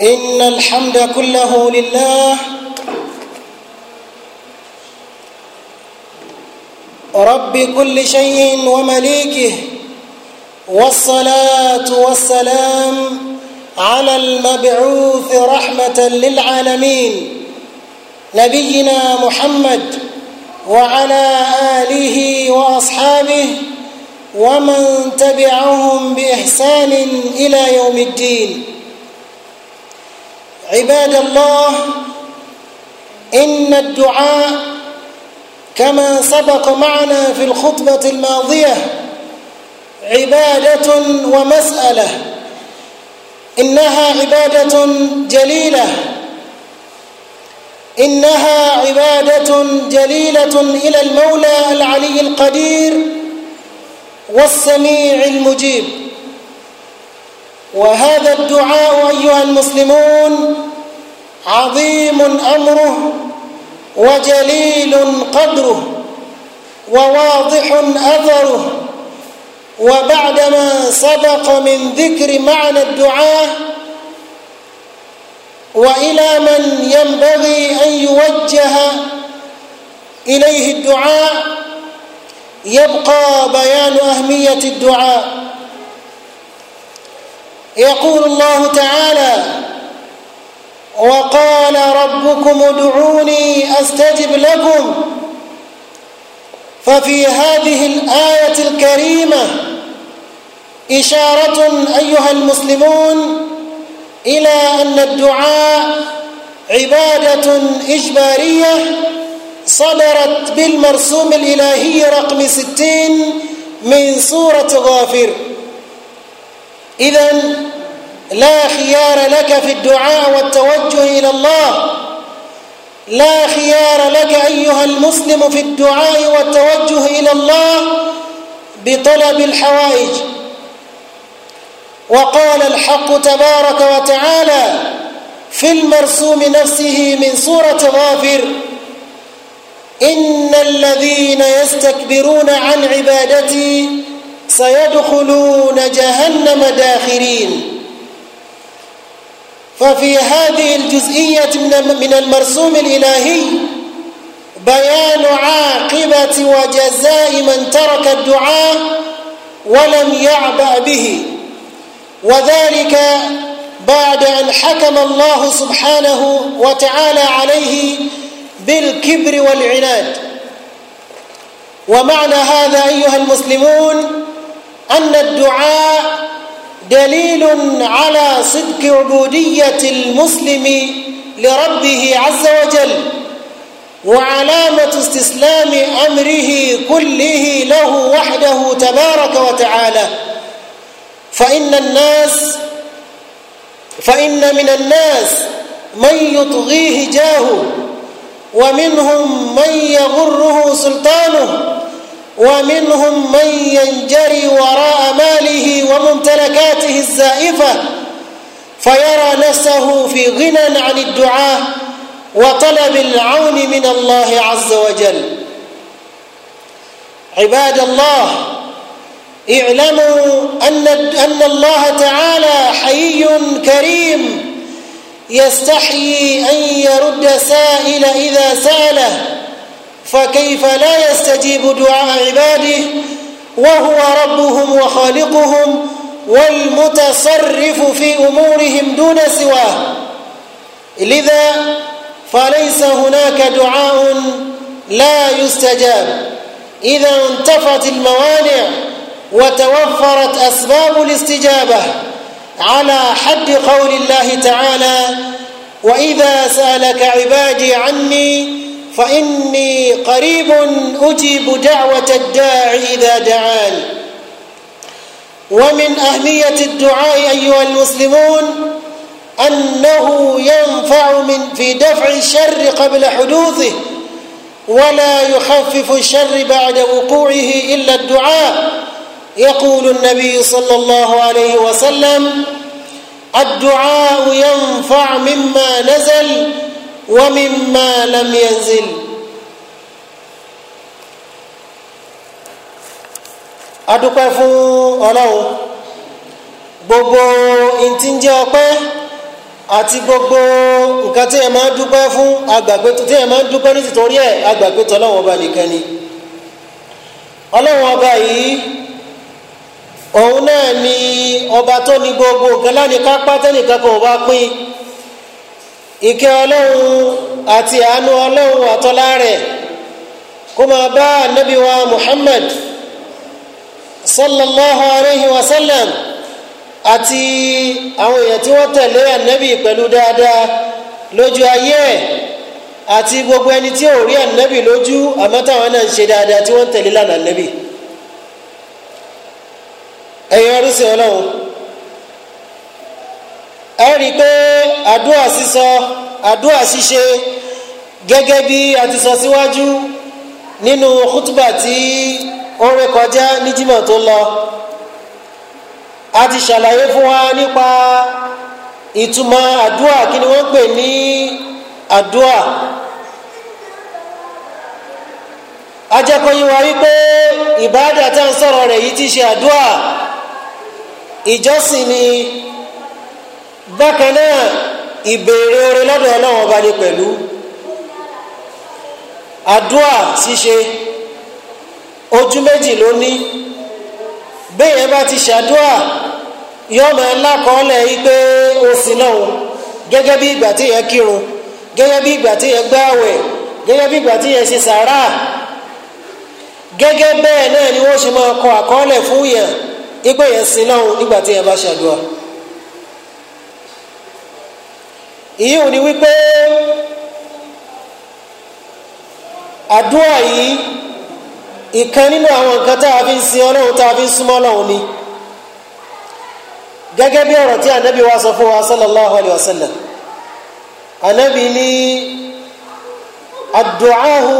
إن الحمد كله لله رب كل شيء ومليكه والصلاة والسلام على المبعوث رحمة للعالمين نبينا محمد وعلى آله وأصحابه ومن تبعهم بإحسان إلى يوم الدين عباد الله إن الدعاء كما سبق معنا في الخطبة الماضية عبادة ومسألة إنها عبادة جليلة إنها عبادة جليلة إلى المولى العلي القدير والسميع المجيب وهذا الدعاء أيها المسلمون عظيم أمره وجليل قدره وواضح أثره وبعدما سبق من ذكر معنى الدعاء وإلى من ينبغي أن يوجه إليه الدعاء يبقى بيان أهمية الدعاء يقول الله تعالى وقال ربكم ادعوني استجب لكم ففي هذه الايه الكريمه اشاره ايها المسلمون الى ان الدعاء عباده اجباريه صدرت بالمرسوم الالهي رقم ستين من سوره غافر إذا لا خيار لك في الدعاء والتوجه إلى الله لا خيار لك أيها المسلم في الدعاء والتوجه إلى الله بطلب الحوائج وقال الحق تبارك وتعالى في المرسوم نفسه من سورة غافر إن الذين يستكبرون عن عبادتي سيدخلون جهنم داخرين ففي هذه الجزئية من المرسوم الإلهي بيان عاقبة وجزاء من ترك الدعاء ولم يعبأ به وذلك بعد أن حكم الله سبحانه وتعالى عليه بالكبر والعناد ومعنى هذا أيها المسلمون أن الدعاء دليل على صدق عبودية المسلم لربه عز وجل وعلامة استسلام أمره كله له وحده تبارك وتعالى فإن الناس فإن من الناس من يطغيه جاهه ومنهم من يغره سلطانه ومنهم من ينجري وراء ماله وممتلكاته الزائفة فيرى نفسه في غنى عن الدعاء وطلب العون من الله عز وجل عباد الله اعلموا أن, أن الله تعالى حي كريم يستحيي أن يرد سائل إذا سأله فكيف لا يستجيب دعاء عباده وهو ربهم وخالقهم والمتصرف في امورهم دون سواه لذا فليس هناك دعاء لا يستجاب اذا انتفت الموانع وتوفرت اسباب الاستجابه على حد قول الله تعالى واذا سالك عبادي عني فاني قريب اجيب دعوه الداعي اذا دعان ومن اهميه الدعاء ايها المسلمون انه ينفع من في دفع الشر قبل حدوثه ولا يخفف الشر بعد وقوعه الا الدعاء يقول النبي صلى الله عليه وسلم الدعاء ينفع مما نزل ومما لم ينزل adúpẹ́ fún ọlọ́run gbogbo àti gbogbo nǹkan tí ẹ máa ń fún agbàgbé tí ẹ máa ń dúpẹ́ ní tìtorí agbàgbé tó ọlọ́run ọba nìkan ọlọ́run ọba yìí òun ìkẹ́ ọlọ́run àti àánú ọlọ́run àtọ́lá rẹ̀ kó máa bá ànábì wa Muhammad sallallahu alayhi wa sallam àti àwọn èèyàn tí wọ́n tẹ̀lé ànábì pẹ̀lú dáadáa lójú ayé ẹ̀ àti gbogbo ẹni tí ò rí ànábì lójú àmọ́ táwọn náà ń ṣe dáadáa tí wọ́n tẹ̀lé lánàá ànábì ẹ̀yin ọdún sí ọlọ́run ẹ rí i pé àdúrà sísọ àdúrà ṣíṣe gẹ́gẹ́ bí a ti sọ síwájú nínú khutba tí ó ré kọjá ní Jímọ̀ tó lọ a ti ṣàlàyé fún wa nípa ìtumọ̀ àdúrà kí ni wọ́n pè ní àdúrà ajẹ́kọ̀yìn wa wípé ìbáàdà tá à ń sọ̀rọ̀ rẹ̀ yìí ti ṣe àdúrà ìjọsìn ni bákan náà ìbéèrè oore lọ́dọ̀ ọlọ́run ọba ni pẹ̀lú àdúà ṣíṣe ojú méjì ló ní béèyàn bá ti ṣàdúà yóò máa lákọọ́lẹ̀ yìí pé ó sì lọ́hùn gẹ́gẹ́ bí ìgbà tí yẹn kírun gẹ́gẹ́ bí ìgbà tí yẹn gbáwẹ̀ gẹ́gẹ́ bí ìgbà tí yẹn ṣe sàárà gẹ́gẹ́ bẹ́ẹ̀ náà ni wọ́n ṣe máa kọ àkọọ́lẹ̀ fún yẹn ipé yẹn sí lọ́hùn nígbà tí yẹn bá ṣàdúà. ìyí ò ní wípé àdúrà yìí ìkan nínú àwọn nǹkan tá a fi ń sin ọlọ́run tá a fi ń súnmọ́ ọlọ́run ni gẹ́gẹ́ bí ọ̀rọ̀ tí ànábì wa sọ fún wa sallallahu alayhi wa sallam ànábì ní àdùáhù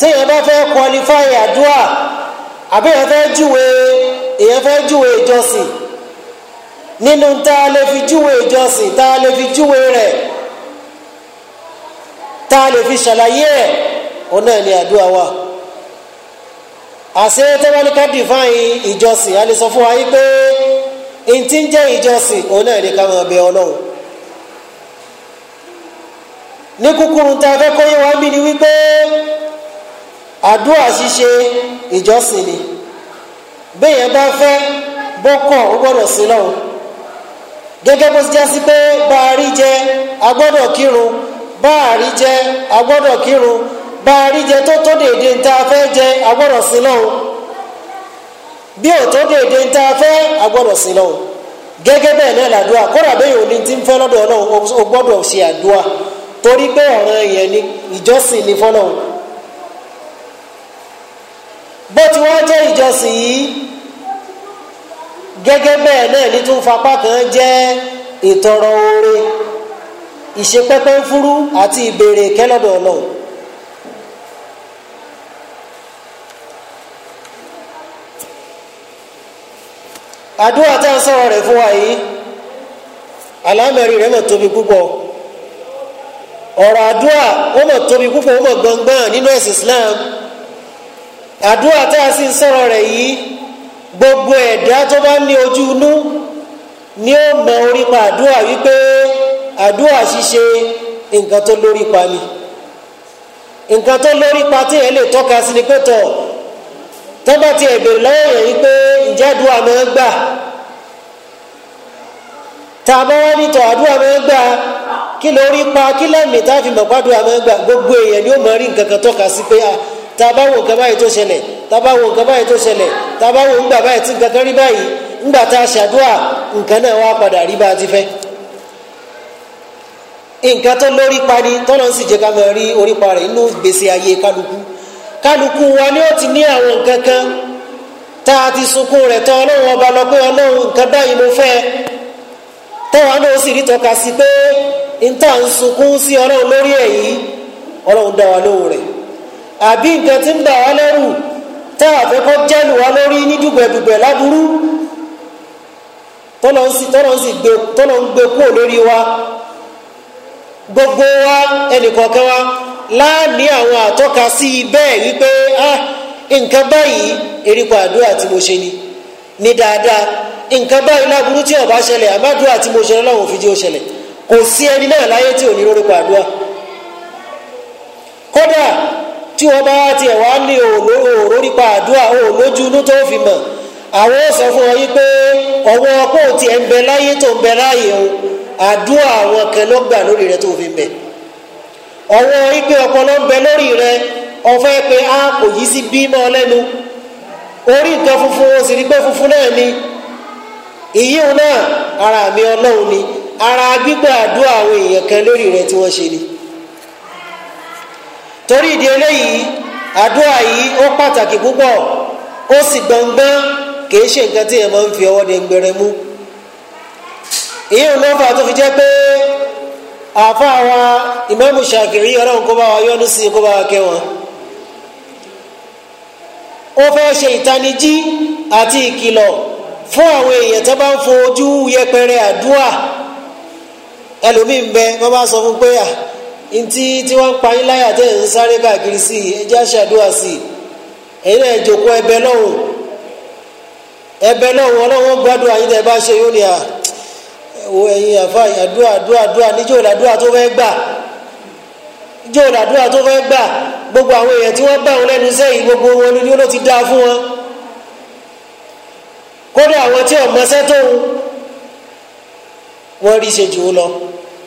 téèyàn bá fẹ́ qualify àdúrà àbí èèyàn fẹ́ júwe èèyàn fẹ́ júwe ìjọsìn. nínú tá a lè fi júwe ìjọsìn tá a lè fi júwe rẹ̀ tá a lè fi ṣàlàyé ẹ̀ òun náà ni àdúrà wa àṣẹ tẹ́wọ́n ká dìfáìn ìjọsìn a lè sọ fún wa yí pé ntí ń jẹ́ ìjọsìn òun náà ni ká máa bẹ ọlọ́run ní kúkúrú tá a fẹ́ kọ́ yé wa bí ni wípé àdúrà ṣíṣe ìjọsìn ni bẹ́ẹ̀ yẹn bá fẹ́ bọ́kọ̀ ó gbọ́dọ̀ sí lọ́hùn. gẹ́gẹ́ bó ti já sí pé bá a rí jẹ a kírun bá a rí jẹ a kírun bá a rí jẹ tó tó déédéé ń tá a fẹ́ jẹ sí lọ́wọ́ bí ò tó tá a fẹ́ sí lọ́wọ́ gẹ́gẹ́ bẹ́ẹ̀ náà làdúrà bẹ́ẹ̀ yóò ní ti ń fẹ́ lọ́dọ̀ ọlọ́run o gbọ́dọ̀ ṣe àdúrà torí pé ni ni gẹ́gẹ́ bẹ́ẹ̀ náà ní tún fapá kan jẹ́ ìtọrọ oore ìṣepẹ́pẹ́ fúrú àti ìbèrè kẹ́lọ́dọ̀ ọlọ́run. àdúrà tá a sọ̀rọ̀ rẹ̀ fún wa yìí alámẹ̀rin rẹ̀ mọ̀ tóbi púpọ̀ ọ̀rọ̀ àdúrà ó mọ̀ tóbi púpọ̀ ó mọ̀ gbọ̀ngbọ̀n nínú ẹ̀sìn Islam àdúrà tá a sì ń sọ̀rọ̀ rẹ̀ yìí gbogbo ẹ̀dá tó bá ní ojú inú ni ó mọ orí pa àdúrà wípé àdúrà ṣíṣe nǹkan tó lórí pa ni nǹkan tó lórí pa tí ẹ lè tọ́ka sí ni pé tọ̀ tó bá ti ẹ̀bẹ̀rẹ̀ lọ́wọ́ yẹn wípé ǹjẹ́ àdúrà máa ń gbà tá a bá wá ní tọ̀ àdúrà máa ń gbà kí lórí pa kí lẹ́mìí tá a fi mọ̀ pàdúrà máa ń gbà gbogbo èèyàn ni ó mọ rí nǹkan kan tọ́ka sí pé tá a bá wo nǹkan báyìí tó ṣẹlẹ̀ tá a bá wo nǹkan báyìí tó ṣẹlẹ̀ t'abawo wò ńgbà báyìí tí nǹkan kan rí báyìí ńgbà tá a ṣàdúrà nǹkan náà wá padà rí bá a ti fẹ́ nǹkan tó lórí pa ni tọ́nà ń sì jẹ́ ká máa rí orí pa rẹ̀ gbèsè ayé kálukú kálukú wa ni ó ti ní àwọn nǹkan kan tá a ti sunkún rẹ̀ tọ́ ọlọ́run ọba lọ pé ọlọ́run nǹkan báyìí mo fẹ́ tọ́wọ́ náà ó sì rí tọ́ka sí pé níta ń sunkún sí ọlọ́run lórí ẹ̀ ọlọ́run dá wa lóhùn rẹ̀ àbí nǹkan tí ń bà wá lẹ́rù tẹ́ àfẹ́ kọ́ jẹ́lu wa lórí ní dùgbẹ̀dùgbẹ̀ láburú tọ́lọ̀ ń sì tọ́lọ̀ ń gbé kúrò lórí wa gbogbo wa ẹnìkọ̀ọ̀kan wa láàní àwọn àtọ́ka sí i bẹ́ẹ̀ wípé ah nǹkan báyìí erípa àdúrà tí mo ṣe ni ní dáadáa nǹkan báyìí láburú tí ó bá ṣẹlẹ̀ àmàdúrà tí mo ṣe lọ́wọ́ òfin jí ó kò sí ẹni náà láyé tí ò ní lórí pa kódà tí wọ́n bá ti tiẹ̀ wá ní òòró nípa àdúrà òòlójú inú tó fi mọ̀ àwọn fún ọ yìí pé ọwọ́ ọpọ́ ò tiẹ̀ ń láyé tó ń bẹ láàyè o àdúrà àwọn kan ló gbà lórí rẹ tó fi yìí lórí rẹ a kò yí sí bímọ lẹ́nu orí nǹkan funfun o náà ni náà ara mi torí ìdí eléyìí àdúrà yìí ó pàtàkì púpọ̀ ó sì gbọ̀ngbọ́n kì í ṣe nǹkan tí èèyàn máa ń fi ọwọ́ de gbẹrẹ mú ìyẹn ló fà tó fi jẹ́ pé àfa àwọn ìmáàmù Ṣàkìrí ọlọ́run kó bá wa yọ́nú sí i kó bá wa kẹ́ wọn ó fẹ́ ṣe ìtanijí àti ìkìlọ̀ fún àwọn èèyàn tó bá ń fojú yẹpẹrẹ àdúrà ẹlòmíín bẹ wọ́n bá sọ fún pé à ntí tí wọ́n ń pa yín láyà tẹ́ ń sáré káàkiri sí i ẹjẹ́ àṣàdúrà sí i ẹ̀yin náà jòkó ẹ̀bẹ̀ lọ́hùn ẹ̀bẹ̀ lọ́hùn ọlọ́wọ́ gbàdúrà yín tẹ́ bá ṣe yóò ní à wo ẹ̀yin àfa àdúrà àdúrà àdúrà níjó làdúrà tó fẹ́ gbà níjó làdúrà tó fẹ́ gbà gbogbo àwọn èèyàn tí wọ́n bá wọn lẹ́nu sẹ́yìn gbogbo wọn ni ló ti dáa fún wọn kódà àwọn tí ọmọ sẹ́tòun wọ́n rí ṣe jù ú lọ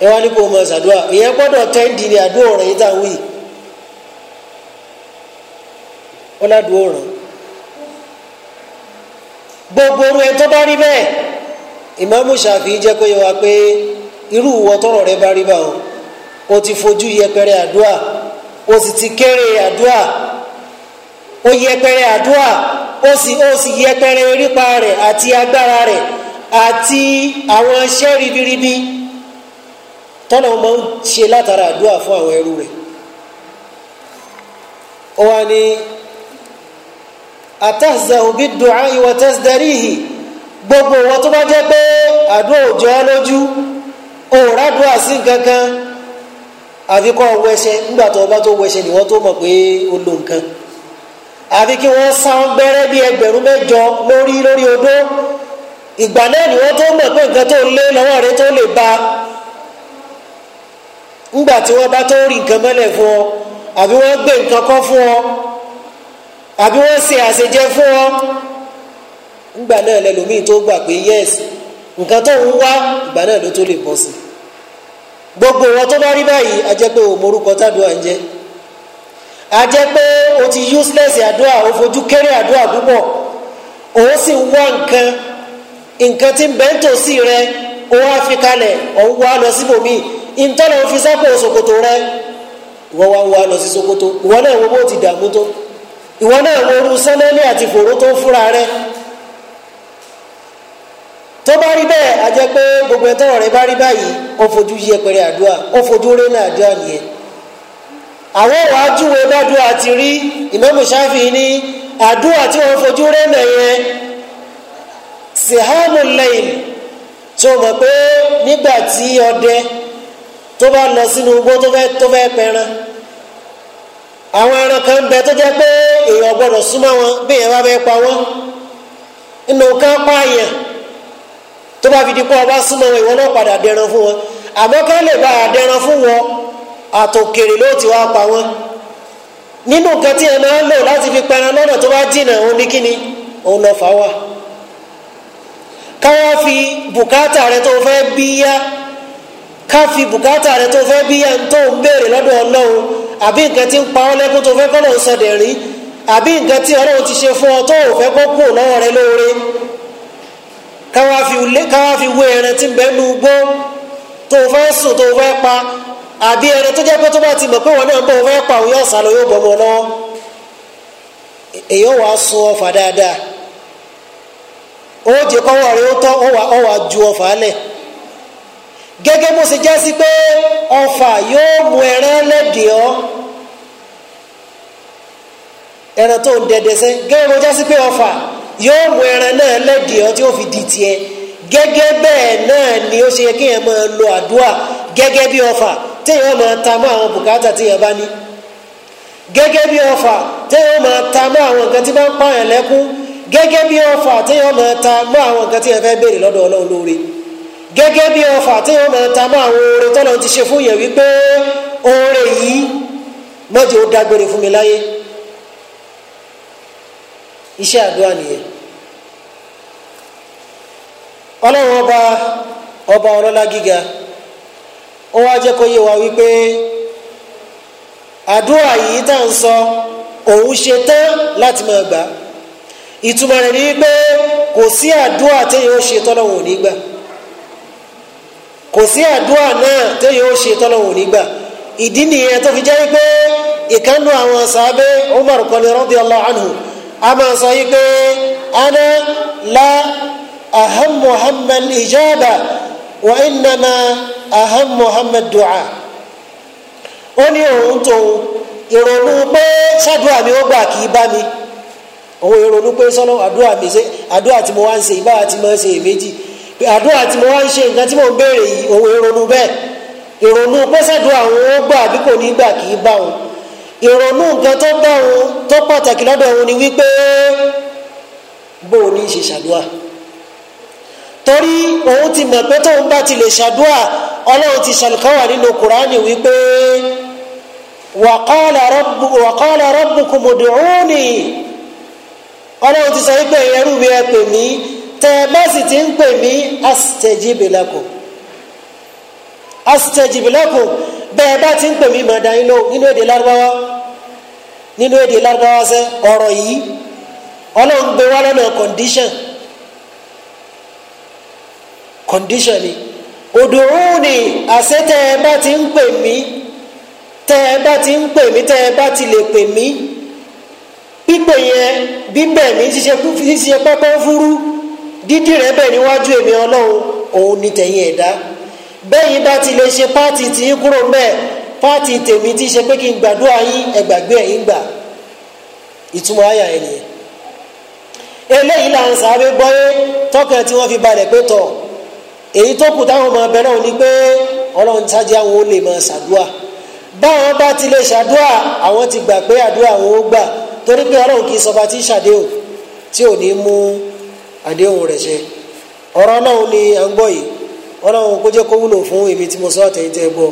ẹ wá ní kó o máa ṣàdúrà ìyẹn gbọ́dọ̀ tẹ́ǹdì ní àdúrà ọ̀ràn yìí tá à ń wí wọn ládùúgbò ọ̀ràn gbogbo orú ẹ tó bá rí bẹ́ẹ̀ ìmáàmù Ṣàfi'í jẹ́ kó yé wa pé irú ìwọ tọrọ rẹ bá rí bá o ti fojú yẹpẹrẹ àdúrà o sì ti kéré àdúrà o yẹpẹrẹ àdúrà o sì o sì yẹpẹrẹ orípa rẹ àti agbára rẹ àti àwọn iṣẹ́ ribiribi. tọ́nà ọmọ ń ṣe látara àdúrà fún àwọn ẹrú rẹ̀ ó wá ní atahzahu bid-du'a'i wa tazdarihi gbogbo wọn tó bá jẹ́ pé àdúrà òjò ọ lójú òòrà sí kankan àfi kọ́ wẹṣẹ nígbà tó ọba tó wẹṣẹ ni wọ́n tó mọ̀ pé ó lo nǹkan àfi kí wọ́n gbẹ́rẹ́ bí ẹgbẹ̀rún mẹ́jọ lórí lórí odó ìgbà náà ni ńgbà tí wọ́n bá tó rí nǹkan mọ́lẹ̀ fún ọ àbí wọ́n gbé nǹkan kọ́ fún ọ àbí wọ́n ṣe àṣejẹ fún ọ ńgbà náà lẹ́lòmíì tó gbà pé yẹ́s nǹkan tó ń wá ìgbà náà ló tó lè bọ́ sí gbogbo wọn tó bá rí báyìí a jẹ́ pé o morúkọ tàdúrà ń jẹ́ a jẹ́ pé o ti useless àdúrà o fojú kéré àdúrà púpọ̀ o sì ń wá nǹkan nǹkan tí ń bẹ́ẹ̀ tòsí rẹ o wá fi kalẹ̀ ọ̀ wá lọ síbòmíì ìtọ́nà fi sápò ṣòkòtò rẹ ìwọ wa wà lọ sí ṣòkòtò ìwọ náà wo bó ti dààmú tó ìwọ náà wo orú sánẹ́lì àti fòró tó fúnra rẹ tó bá rí bẹ́ẹ̀ a jẹ́ pé gbogbo ẹ̀ tọ́rọ̀ rẹ bá rí báyìí ó fojú yẹpẹrẹ àdúrà ó fojú rẹ náà àdúrà nìyẹn àwọn wàá júwe bádùá àti rí ìmáàmù Ṣáfì ní àdúrà tí wọ́n fojú rẹ náà yẹn sihamu lẹ́yìn tó mọ̀ pé nígbà tí ọdẹ tó bá lọ sínú ugbo tó fẹ́ tó fẹ́ àwọn kan bẹ tó jẹ́ pé èèyàn gbọ́dọ̀ súnmọ́ wọn bí èèyàn bá fẹ́ pa wọn nínú ká pààyàn tó bá fi di ọba súnmọ́ wọn ìwọ náà padà dẹran fún wọn àmọ́ ká lè bá àdẹran fún wọn àtòkèrè ló ti wá pa wọn nínú nǹkan tí ẹ fi lọ́nà tó bá òun ní kíni òun lọ fà fi bùkátà rẹ tó fẹ́ bí yá. ká fi bùkátà rẹ tó fẹ́ bí nbeere tó ń béèrè lọ́dọ̀ ọlọ́run àbí nǹkan tí ń pa ọ́ lẹ́kún tó fẹ́ kọ́ lọ́n sọ dẹ̀rí àbí ti ṣe fún ọ tó ò fẹ́ kó kù lọ́wọ́ rẹ lóore káwá fi wé ẹran tí ń bẹ nu gbó o fẹ́ sùn tó o fẹ́ pa àbí ẹran tó jẹ́ pé tó bá ti mọ̀ o fẹ́ pa òun yóò sálọ yóò gẹ́gẹ́ bó ṣe jẹ́ sí pé ọfà yóò mú ẹran lẹ́dìí ọ́ ẹran tó ń dẹdẹ sẹ́ gẹ́gẹ́ bó jẹ́ sí pé ọfà yóò mú ẹran náà lẹ́dìí ọ́ tí ó fi di tiẹ̀ gẹ́gẹ́ bẹ́ẹ̀ náà ni ó ṣe yẹ kí èèyàn máa lo àdúrà gẹ́gẹ́ bí ọfà téèyàn máa ta mọ́ àwọn bùkátà téèyàn bá ní gẹ́gẹ́ bí ọfà téèyàn máa ta mọ́ àwọn nǹkan tí bá ń pààyàn lẹ́kún gẹ́gẹ́ bí ọfà téèyàn máa ta mọ́ àwọn nǹkan tí èèyàn fẹ́ béèrè lọ́dọ̀ Ọlọ́run lóore gẹ́gẹ́ bí ọfà tí wọ́n máa ta mọ́ àwọn oore tọ́lọ́ ti ṣe fún yẹn wípé oore yìí mọ́jì ó dágbére fún mi láyé iṣẹ́ àdúrà nìyẹn ọlọ́run ọba ọba ọlọ́lá gíga ó wá jẹ́ kó yé wa wípé àdúrà yìí tá à ń sọ òun ṣe tán láti máa gbà ìtumọ̀ rẹ̀ ni pé kò sí àdúrà téèyàn ó ṣe tọ́lọ́run ò ní gbà kò sí àdúrà náà téèyàn ó ṣe tọ́lọ́run ò ní gbà ìdí nìyẹn tó fi jẹ́ pé ìkànnù àwọn sàábé Umar kọ́ni radiyallahu anhu a máa sọ yìí pé ana la aham muhammad ijaba wa innama aham muhammad du'a ó ní òun tóun ìrònú pé ṣàdúrà mi ó gbà kì í bá mi òun ìrònú pé sọ́nà àdúrà mi ṣe àdúrà tí mo wá ń ṣe ìbára tí mo ń ṣe èméjì àdúrà tí mo wá ń ṣe nǹkan tí mo ń béèrè yìí òun ìrònú bẹ́ẹ̀ ìrònú àwọn ó gbà bí kò ní gbà kì í bá ìrònú nǹkan tó bá tó pàtàkì lọ́dọ̀ ni wípé bó o ní ṣe ṣàdúrà torí òun ti mọ̀ pé tóun bá ti lè ṣàdúrà ọlọ́run ti nínú kùránì wípé rọ́bùkù ọlọ́run ti mi tẹ́ ẹ bá ti ń pè mí astajib lakum bẹ́ẹ̀ bá ti ń pè mí màdá èdè lárúbáwá nínú yìí ọlọ́run gbé wá lọ́nà ni òdòrúnì àṣẹ ti ń pè mí tẹ́ ti mí lè pè mí pípè yẹn bíbẹ̀ mí ṣiṣẹ́ dídì rẹ bẹ́ẹ̀ níwájú èmi ọlọ́run òun ni tẹ̀yìn ẹ̀dá bẹ́yìn bá ti lè ṣe páàtì tí yín kúrò mẹ́ẹ̀ páàtì tèmi ti ṣe pé kí n gbàdúrà yín ẹgbàgbé ẹ̀yìn gbà ìtumọ̀ àyà ẹ̀ nìyẹn eléyìí là ń sáré gbọ́yé tọkàn tí wọ́n fi balẹ̀ pé tọ̀ èyí tó kù táwọn ọmọ ẹbẹ náà ni pé ọlọ́run sáájú àwọn ò lè máa ṣàdúà báwọn bá ti lè ṣàdúà àwọn ti gbà pé àdúà àwọn ó gbà torí pé ọlọ́run kì í sọba tí ń ṣàdéhùn tí ò ní mú àdéhùn rẹ̀ ṣe ọ̀rọ̀ ọlọ́run ni à ń gbọ́ yìí ọlọ́run kó jẹ́ kó wúlò fún èmi tí mo sọ àtẹ̀yìn tẹ́ gbọ́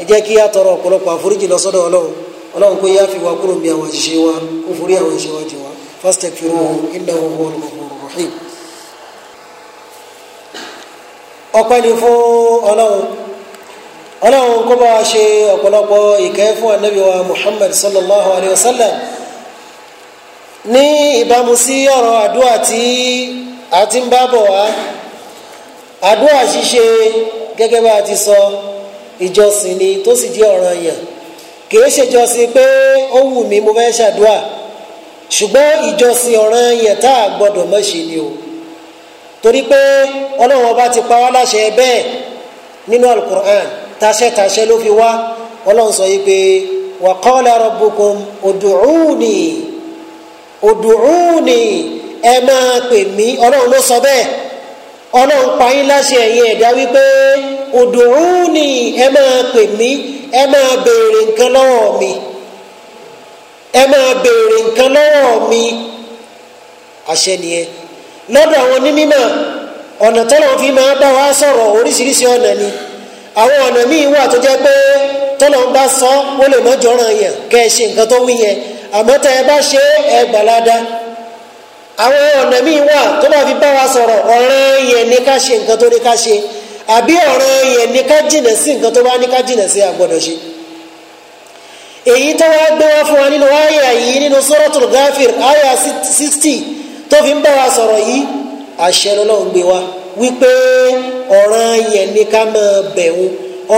ẹ jẹ́ kí á tọrọ ọ̀pọ̀lọpọ̀ àforíjì lọ sọ́dọ̀ ọlọ́run ọlọ́run kó yá fi wá kúrò bí àwọn àṣìṣe wa kó forí àwọn àṣìṣe wa jì wá fastaghfiruhu innahu huwal ghafurur rahim. ọpẹ́ ni fún ọlọ́run ọlọ́run kó bá wa ṣe ọ̀pọ̀lọpọ̀ ìkẹ́ fún anabi wa muhammad sallallahu alayhi wa sallam ní ìbámu sí ọ̀rọ̀ àdúrà tí àti ń bá bọ̀ wá àdúrà ṣíṣe gẹ́gẹ́ bá a ti sọ ìjọsìn ni tó sì jẹ́ ọ̀ranyàn kìí ṣèjọsìn pé ó wù mí mo fẹ́ ṣàdúrà ṣùgbọ́n ìjọsìn ọ̀ranyàn tá a gbọ́dọ̀ mọ̀ ṣe ni o torí pé ọlọ́run ọba ti pa wá láṣẹ bẹ́ẹ̀ nínú alukur'an taṣẹ taṣẹ ló fi wá ọlọ́run sọ yìí pé wa qala rabbukum ud'uni ud'uni. ẹ máa pè mí ọlọ́run ló sọ bẹ́ẹ̀ ọlọ́run pa yín láṣẹ ẹ̀yìn ẹ̀dá wípé ud'uni ẹ máa pè mí ẹ máa béèrè nǹkan lọ́wọ́ mi ẹ máa béèrè nǹkan lọ́wọ́ mi àṣẹ nìyẹn lọ́dọ̀ àwọn onímọ̀ ọ̀nà tọ́lọ̀ fi máa bá wa sọ̀rọ̀ oríṣiríṣi ọ̀nà ni àwọn ọ̀nà míì wà tó jẹ́ pé tọ́lọ̀ ń bá sọ ó lè mọ́jọ́ràn yẹn kẹ́ ẹ ṣe nǹkan tó wí yẹn àmọ́ tẹ́ ẹ bá ṣe é ẹ gbàládá. àwọn ọ̀nà míì wà tó bá fi bá wa sọ̀rọ̀ ọ̀ràn yẹn ni ká ṣe nǹkan tó ní ká ṣe àbí ọ̀ràn yẹn ni ká jìnà sí nǹkan tó bá ní ká jìnà sí àgbọ̀dọ̀ ṣe. èyí tó wá gbé wá fún wa nínú àyà yìí nínú suratul Ghafir àyà sixty tó fi ń bá wa sọ̀rọ̀ yìí àṣẹ lọ́lọ́run gbé wa wípé ọ̀ràn yẹn ni ká máa bẹ̀wò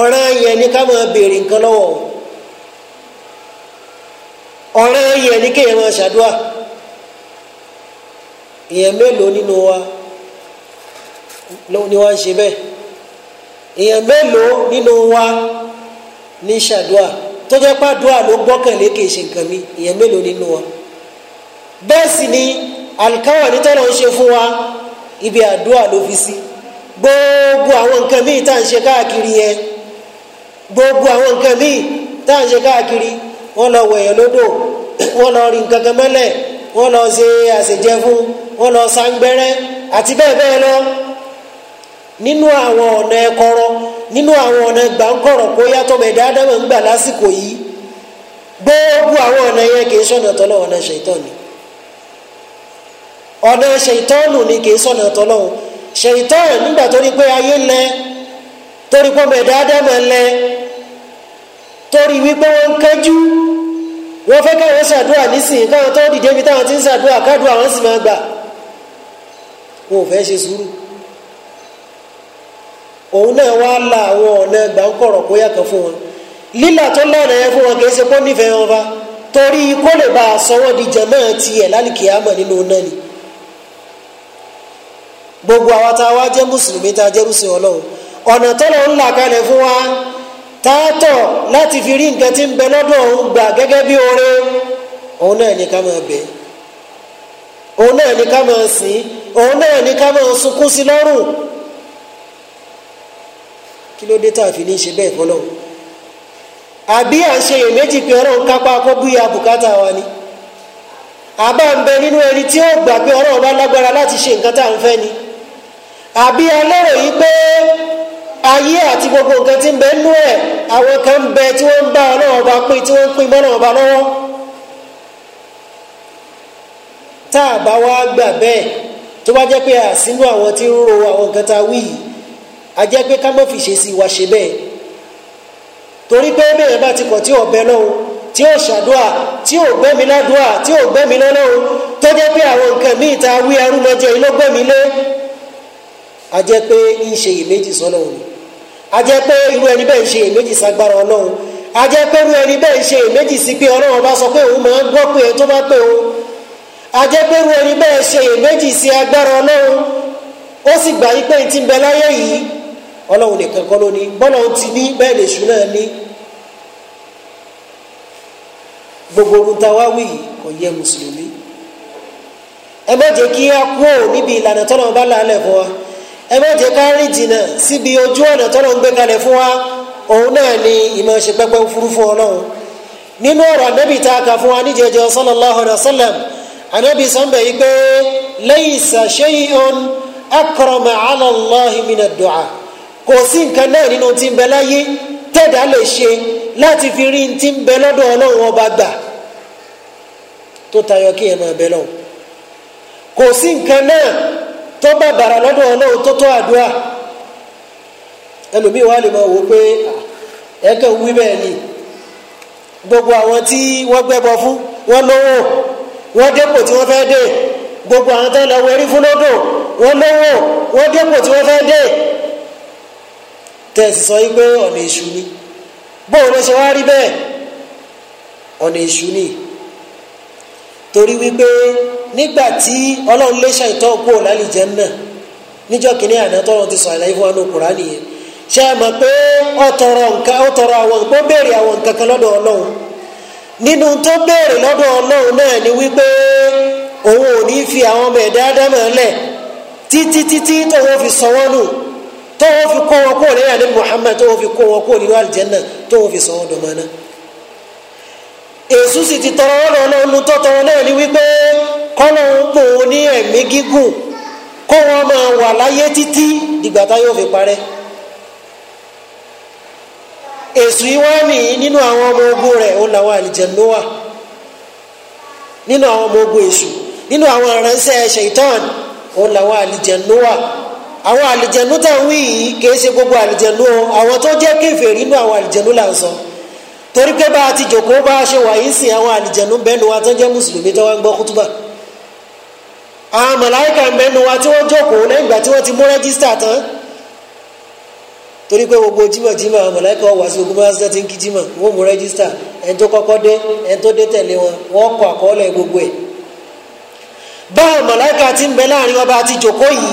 ọ̀ràn yẹn ká máa béèrè nǹkan lọ́wọ́ ọ̀ràn yẹn kéèyàn máa ṣàdúrà èèyàn mélòó nínú wa ni wọ́n ń ṣe bẹ́ẹ̀ èèyàn mélòó nínú wa ní ṣàdúà tó jẹ́ pàdúà ló gbọ́kànlé kì í ṣe nǹkan mi èèyàn mélòó nínú wa bẹ́ẹ̀ sì ni alikawa ní tọ́lọ̀ ń ṣe fún wa ibi àdúà ló fi sí gbogbo àwọn nǹkan míì tá à ń ṣe káàkiri yẹn gbogbo àwọn nǹkan míì tá à ń ṣe káàkiri wọ́n lọ wẹ̀yẹ̀ lódò wọ́n lọ rí nǹkan kan mọ́lẹ̀ lọ ṣe àṣejẹ fún wọ́n lọ àti bẹ́ẹ̀ bẹ́ẹ̀ lọ nínú àwọn ọ̀nà ẹ̀kọ́rọ́ nínú àwọn ọ̀nà gbàǹkọ̀rọ̀ kó yàtọ̀ bẹ̀ dáadáa ń gbà lásìkò yìí gbogbo àwọn ọ̀nà yẹn kì í sọ̀nà tọ́lọ́ ọ̀nà ṣètọ́ni ọ̀nà ni kì í sọ̀nà tọ́lọ́ ṣètọ́n nígbà tó pé ayé lẹ torí pé ọmọ ẹ̀dá dámọ̀ lẹ torí wípé wọ́n ń kẹ́jú wọ́n fẹ́ káwọn ṣàdúrà nísìnyí káwọn tó dìde ibi táwọn ti ń ṣàdúrà àwọn sì máa gbà wọn ò fẹ́ ṣe sùúrù òun náà wá la àwọn ọ̀nà gbàǹkọ̀rọ̀ kó yàtọ̀ fún wọn lílà tó lọ́nà yẹn fún wọn kì í ṣe kó nífẹ̀ẹ́ wọn fa torí kó lè bá a sọ wọn di tiẹ̀ lálùkì àmọ̀ nínú náà ni gbogbo àwa tá a wá jẹ́ mùsùlùmí tá a jẹ́ rúṣin ọlọ́run ọ̀nà tọ́lọ̀ ń là kalẹ̀ fún wa tààtọ̀ láti fi rí nǹkan tí ń bẹ lọ́dọ̀ òun gbà gẹ́gẹ́ bí oore òun náà ní ká máa bẹ̀ òun náà ní ká máa sìn òun náà ní ká máa sunkún sí lọ́rùn kí ló dé tá a fi ní ṣe bẹ́ẹ̀ fọlọ́ àbí à ń ṣe pé kápá kó bùkátà wa ni àbá ń bẹ nínú ẹni tí ó gbà pé ọlọ́run bá lágbára láti ṣe nǹkan tá ni àbí yìí pé ayé àti gbogbo nǹkan ti ń bẹ nú ẹ̀ àwọn kan ń bẹ tí wọ́n ń bá ọba pín tí wọ́n ń pín tó bá jẹ́ pé àsínú àwọn tí ń ro àwọn nǹkan tá wí a jẹ́ pé ká ṣe sí wa ṣe bẹ́ẹ̀ torí pé bẹ́ẹ̀ bá ti kọ̀ tí ò bẹ lọ́hùn tí ò ṣàdúà tí ò gbẹ́mi ládùà tí ò gbẹ́mi lọ́lọ́hùn tó jẹ́ pé àwọn nǹkan míì tá a wí arúmọjẹ ló gbẹ́mi lé a jẹ́ pé ń ṣe iyèméjì sọ́nà òun a jẹ́ pé irú ẹni bẹ́ẹ̀ ń ṣe iyèméjì sagbára ọlọ́run a jẹ́ pé irú ẹni bẹ́ẹ̀ ń ṣe iyèméjì sí pé ọlọ́run bá sọ pé òun máa ń gbọ́ pé tó bá pé òun ajẹ́bẹ̀rù ẹni bẹ́ẹ̀ ṣe èméjì sí agbára ọlọ́run ó sì gbà yí pé ti ń bẹ láyé yìí ọlọ́run nìkan kọ́ ló ní bọ́lá ó ti ní bẹ́ẹ̀ lè ṣùnà ní. gbogbo ohun tá a wá wí kò yẹ mùsùlùmí ẹ má jẹ́ kí a kú ò níbi ìlànà tọ́nà bá lálẹ́ fún wa ẹ má jẹ́ ká síbi ojú ọ̀nà tọ́nà ń gbé fún wa òun náà ni ìmọ̀ ṣe pẹ́pẹ́ ọlọ́run nínú ọ̀rọ̀ àdébìtà kà fún anabi sanbẹ yìí pé laysa shay'un akrama ala Allahi mina du'a kò sí nǹkan náà nínú tí ń bẹ láyé tẹ̀dá lè ṣe láti fi rí tí ń bẹ lọ́dọ̀ ọlọ́run ọba gbà tó tayọ kí ẹ máa bẹ lọ́wọ́ kò sí nǹkan náà tó bá bàrà lọ́dọ̀ ọlọ́run tó tó àdúrà ẹlòmíì wà lè máa wò ó pé ẹ̀ẹ́kẹ́ wí bẹ́ẹ̀ ni gbogbo àwọn tí wọ́n gbẹ́bọ fún wọn lówó wọ́n dépò tí wọ́n fẹ́ dé gbogbo àwọn tán lọ wẹrí fún lódò wọ́n lówó wọ́n dépò tí wọ́n fẹ́ dé tẹ̀sí sọ wípé ọ̀nà èṣù ni bóun ló ṣe wá rí bẹ́ẹ̀ ọ̀nà èṣù ni torí wípé nígbà tí ọlọ́run lé ṣàìtàn kúrò lálìjẹ́ náà níjọ́ kínní àná tọ́lọ́ ti sọ àlàyé fún wa ní Kùránì yẹn ṣe é mọ̀ pé ó tọrọ àwọn nǹkan ó béèrè àwọn nǹkan kan lọ́dọ̀ ọlọ́run nínú tó béèrè lọ́dọ̀ ọlọ́run náà ni wípé òun ò ní fi àwọn ọmọ ẹ̀dá ádámọ̀ lẹ̀ títí títí tóun fi sọ wọ́n nù tóun fi kó wọn kó lẹ́yìn àdé Muhammad tóun fi kó wọn kó nínú àlìjẹ́nà tóun fi sọ wọ́n dọ̀ mọ́ná. èṣù sì ti tọrọ wọn lọ́nà ọ̀nù tó tọrọ náà ni wípé kọ́lọ̀ ń pò ó ní ẹ̀mí gígùn kó wọn máa wà láyé títí dìgbà tá yóò fi parẹ́. èsù yìí wá nìyí nínú àwọn ọmọ ogun rẹ̀ ó làwọn àlìjẹ̀nú wà nínú àwọn ọmọ ogun èsù nínú àwọn ó àwọn tá ń wí yìí kìí ṣe gbogbo àlìjẹ̀nú o àwọn tó jẹ́ kèfèrí nínú àwọn àlìjẹ̀nú là ń sọ torí pé bá a ti jòkó bá a ṣe wà yìí sìn àwọn àlìjẹ̀nú bẹ́ẹ̀nu wa tó jẹ́ mùsùlùmí tó wá ń kútúbà àwọn wa tí wọ́n ti mú rẹ́gísítà tán torí pé gbogbo jimajima mọ̀lẹ́kọ̀ wà sí ogun mọ́sá ti ń kí jimá wọ́n mú rẹ́gísítà ẹni tó kọ́kọ́ dé ẹni tó dé wọn wọ́n kọ àkọọ́lẹ̀ gbogbo ẹ báwo mọ̀lẹ́kà ti ń bẹ láàrin ọba àti jòkó yìí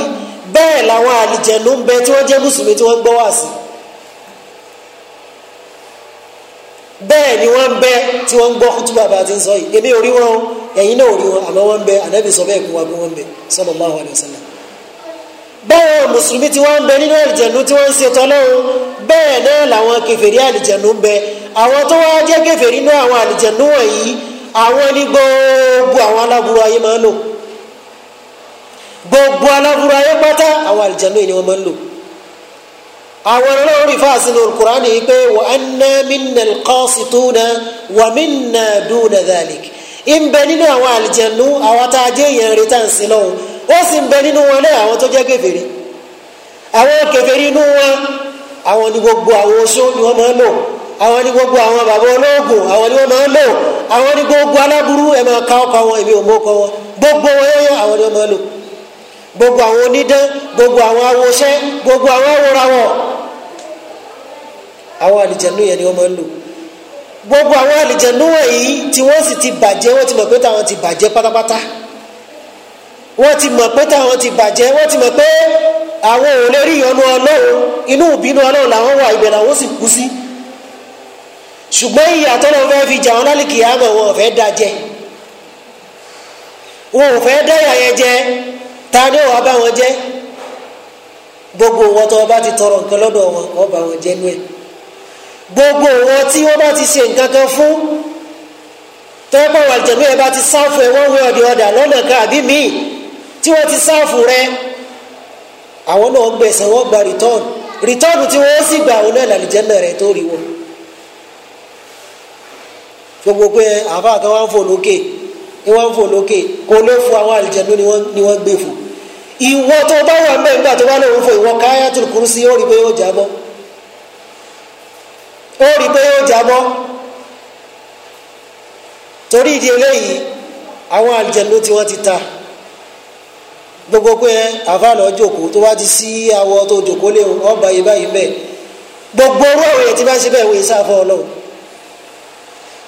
bẹ́ẹ̀ làwọn àlìjẹ̀nu ń bẹ tí wọ́n jẹ́ mùsùlùmí tí sí. ni ń bẹ tí ń kútu bàbá àti sọ yìí wọn náà báwo mùsùlùmí tí wọ́n ń bẹ nínú àlìjẹ̀nu tí wọ́n ń ṣètò ọlọ́run bẹ́ẹ̀ náà làwọn kèfèrí àlìjẹ̀nu ń bẹ àwọn tó wá jẹ́ kèfèrí nínú àwọn àlìjẹ̀nu wọ̀nyí àwọn ní gbogbo àwọn aláburú ayé máa ń lò gbogbo aláburú ayé pátá àwọn àlìjẹ̀nu yìí ni máa ń lò àwọn ọlọ́run rí fáàsì ní olùkùránì yìí pé wa anna minna al-qasituna wa minna duna dhalik ń bẹ nínú àwọn àlìjẹ̀nu àwọn ó sì ń bẹ nínú wọn náà àwọn tó jẹ́ kèfèrí àwọn kèfèrí inú wọn àwọn ni gbogbo àwọn oṣó ni wọ́n máa ń lò àwọn ni gbogbo àwọn bàbá olóògùn àwọn ni wọ́n máa ń lò àwọn ni gbogbo aláburú ẹ̀ máa ká ọkọ wọn èmi ò mọ ọkọ wọn gbogbo wọn yẹn àwọn ni wọ́n máa ń lò gbogbo àwọn onídán gbogbo àwọn awoṣẹ́ gbogbo àwọn awòrawọ̀ àwọn àlìjẹ̀nú yẹn ni wọ́n máa ń lò gbogbo àwọn àlìjẹ̀nú wọ̀nyí tí wọ́n sì ti bàjẹ́ wọ́n ti mọ̀ pé táwọn ti bàjẹ́ pátápátá. wọ́n ti mọ̀ pé táwọn ti bàjẹ́ wọ́n ti mọ̀ pé àwọn ò lè rí ìyọnu ọlọ́run inú ìbínú ọlọ́run làwọn wà ibẹ̀ làwọn sì kú sí ṣùgbọ́n ìyàtọ̀ fẹ́ fi jà wọn wọn ò fẹ́ da jẹ wọn ò fẹ́ ìyà yẹn jẹ ta ni bá wọn gbogbo wọn tó bá ti tọrọ nǹkan lọ́dọ̀ wọn bá wọn jẹ tí wọ́n ti sáàfù rẹ àwọn náà gbẹ̀sẹ̀ wọ́n gba rìtọ́ọ̀nù rìtọ́ọ̀nù tí wọ́n sì gbà àwọn náà làlùjẹ́nà rẹ tó rí wọn. gbogbo pé àbá kan wá ń fò lókè ni wọ́n ń fò lókè kò ló fún àwọn àlùjẹ́nà ni wọ́n gbé fún. ìwọ tó bá wà ń bẹ̀ nígbà tó bá lòun fò ìwọ káyà tó kúrú sí ó rí pé yóò jábọ́ ó rí pé yóò jábọ́ torí ìdí eléyìí àwọn àlùjẹ́nà tí wọ́n ti ta. gbogbo pé àfa lọ tó wá ti sí awọ tó jòkó lé wọn báyìí báyìí gbogbo orú àwọn tí bá ń ṣe bẹ́ẹ̀ wọ́n èsà afọ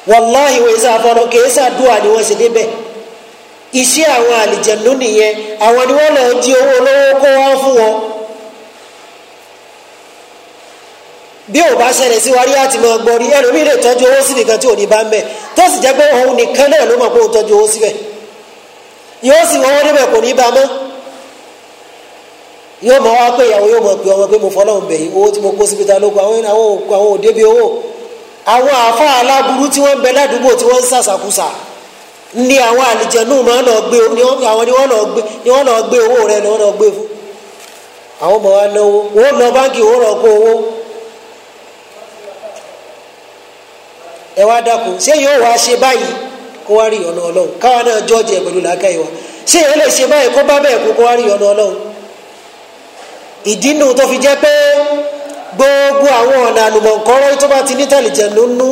wàláhì wọ́n ni wọ́n ṣe débẹ̀ iṣẹ́ àwọn àlìjẹ̀lú nìyẹn àwọn ni wọ́n lọ di owó olówó kó wá fún wọn. bí ò bá ṣẹlẹ̀ sí wa rí àti máa gbọ́ rí lè tọ́jú owó sí nìkan tí ò ní bá ń bẹ̀ tó sì jẹ́ pé òun nìkan náà ló mọ̀ pé òun tọ́jú yóò mọ wá pé ìyàwó yóò mọ pé ọmọ pé mo fọlọ́hún bẹ̀yìn owó tí mo kó síbi ta ló kọ àwọn owó àwọn àfa aláburú tí wọ́n bẹ ládùúgbò tí wọ́n ń ní àwọn àlìjẹnú máa lọ gbé ni wọ́n lọ gbé owó rẹ lọ gbé fún ọmọ wa náwó wọ́n lọ báńkì wọ́n lọ kó owó ẹ wá dákun ṣé yóò wá ṣe báyìí kó wá rí ọlọ́run káwa náà pẹ̀lú ṣé báyìí kó bá bẹ́ẹ̀ kó ìdínú tó fi jẹ́ pé gbogbo àwọn ọ̀nà àlùmọ̀ǹkọ́rọ́ tó bá ti ní tàlìjẹ̀nu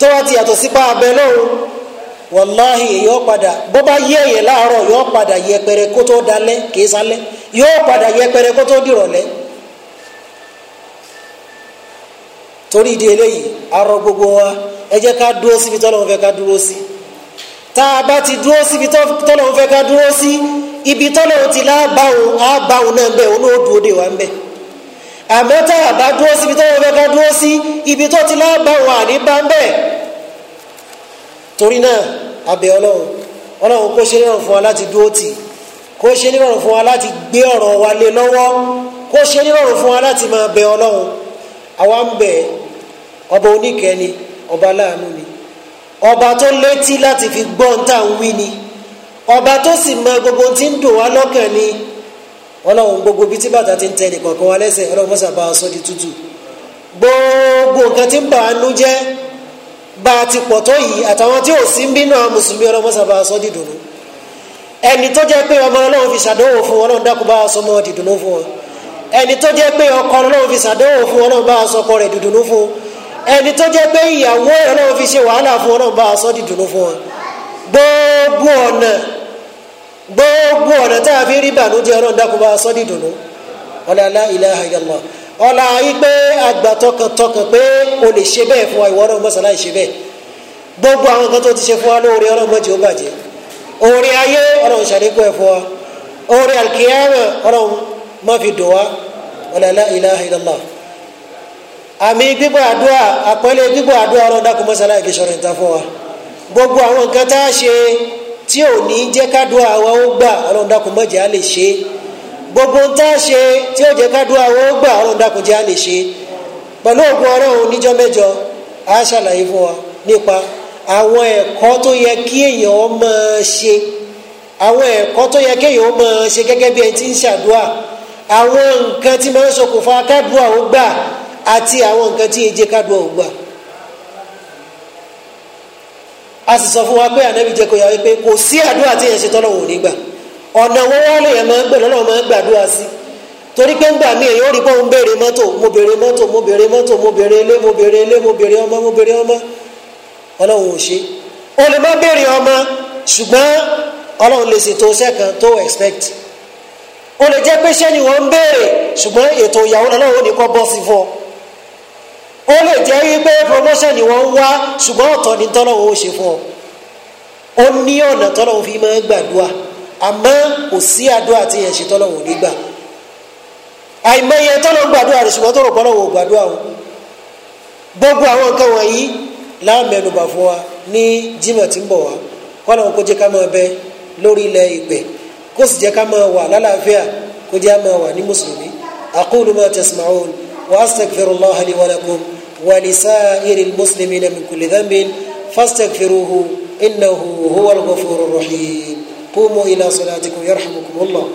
tó bá ti yàtọ̀ sípa abẹ lọ́run wàláhì yóò padà bó bá yé èyàn láàárọ̀ yóò padà yẹpẹrẹ kó tó kìí yóò padà yẹpẹrẹ kó tó dìrọ̀lẹ́ torí arọ gbogbo wa ẹ jẹ́ ká dúró síbi ká dúró sí tá a ibi tọ́lọ́ ti lábàáwò àbáwò náà bẹ́ẹ̀ olóòdù de wa ń bẹ àmọ́ tá a bá dúró síbi tọ́lọ́ fẹ́ ká dúró sí ibi tó ti lábàáwò àníbá ń bẹ torí náà abẹ ọlọ́run ọlọ́run kó ṣe nírọ̀rùn fún wa láti dúró tì kó ṣe nírọ̀rùn fún wa láti gbé ọ̀rọ̀ wa lé lọ́wọ́ kó ṣe nírọ̀rùn fún wa láti máa bẹ ọlọ́run àwa ń bẹ ọba oníkẹ́ni ọba láàánú ni ọba tó létí láti fi gbọ́ ń tà ń wí ni. ọba tó sì mọ gbogbo tí ń dùn wá lọ́kàn ni ọlọ́run gbogbo tí bàtà ti ń wa lẹ́sẹ̀ ọlọ́run mọ́sà bá a di gbogbo nǹkan tí bá ti pọ̀ tó yìí àtàwọn tí ò sí ń bínú àwọn mùsùlùmí ọlọ́run mọ́sà bá di dùnú ẹni wọn ọlọ́run dákú bá mọ́ di dùnú fún wọn ẹni tó jẹ́ pé ọkọ ọlọ́run fi ṣàdánwò fún wọn ọlọ́run bá rẹ̀ di dùnú fún ẹni tó jẹ́ pé ìyàwó ọlọ́run fi ṣe wàhálà fún wọn ọlọ́run bá di dùnú fún wọn. gbogbo ọ̀nà gbogbo ọ̀nà tá a fi rí bànújẹ́ ọlọ́run dákun bá a sọ́ dídùnú ọ̀làlá ilaha illallah ọ̀là yìí pé àgbà tọkàntọkàn pé o lè ṣe bẹ́ẹ̀ fún wa ìwọ ọlọ́run mọ́sálá yìí ṣe bẹ́ẹ̀ gbogbo àwọn kan tó ti ṣe fún wa lóore ọlọ́run mọ́jì ó bàjẹ́ oore ayé ọlọ́run ṣàlékún ẹ̀ fún wa oore alkiyama ọlọ́run má fi dùn wa ọ̀làlá ilaha illallah àmì gbígbọ́ àdúrà àpẹẹlẹ gbígbọ́ àdúrà ọlọ́run dákun mọ́sálá ìgbésọ̀rọ̀ ìta gbogbo àwọn nǹkan tá a ṣe tí ò ní jẹ́ kádùá wa ó gbà ọlọ́run dákun má jẹ́ á lè ṣe gbogbo ń tá a ṣe tí ò jẹ́ kádùá wa ó gbà ọlọ́run dákun jẹ́ á lè ṣe pẹ̀lú ògùn ọlọ́run níjọ́ mẹ́jọ á ṣàlàyé fún wa nípa àwọn ẹ̀kọ́ tó yẹ kí èèyàn máa ṣe àwọn ẹ̀kọ́ tó yẹ kí èèyàn máa ṣe gẹ́gẹ́ bí ẹni tí ń ṣàdúà àwọn nǹkan tí máa ń ṣokùnfà kádùá ó gbà àti àwọn nǹkan tí èjì kádùá ó gbà. a sì sọ fún wa pé ànábì jẹ́ kó ya wípé kò sí àdúrà tí yẹn ṣe tọ́lọ̀ wò nígbà ọ̀nà wọn wọ́n lè yẹn máa ń gbẹ lọ́nà máa ń gbàdúrà sí torí pé ńgbà mí èyí ó rí pé òun béèrè mọ́tò mo mọ́tò mo mọ́tò mo béèrè ilé béèrè ilé mo béèrè ọmọ mo béèrè ọmọ ọlọ́run ò ṣe o lè má béèrè ọmọ ṣùgbọ́n ọlọ́run lè ṣètò iṣẹ́ kan tó expect o lè jẹ́ pé ṣẹ́ni wọ́n ń béèrè ṣùgbọ́n ètò ìyàwó ọlọ́run ò ó lè jẹ́ wípé promotion ni wọ́n ń wá ṣùgbọ́n ọ̀tọ̀ ni tọ́lọ́wọ́ ó ṣe fún ọ ó ní ọ̀nà tọ́lọ́wọ́ fi máa ń gbàdúrà àmọ́ kò sí àdúrà tí yẹn ṣe tọ́lọ́wọ́ ní gbà àìmọye tọ́lọ́wọ́ gbàdúrà rẹ̀ ṣùgbọ́n tọ́lọ́wọ́ bọ́lọ́wọ́ gbàdúrà o gbogbo àwọn nǹkan wọ̀nyí láàmẹ́nubà fún wa ní Jímọ̀ tí ń bọ̀ wá kọ́nà kó jẹ́ ká máa bẹ lórí ilẹ̀ ìpẹ́ kó sì jẹ́ ká máa wà lálàáfíà kó jẹ́ ká máa wà ní mùsùlùmí aqulu ma ولسائر المسلمين من كل ذنب فاستغفروه إنه هو الغفور الرحيم قوموا إلى صلاتكم يرحمكم الله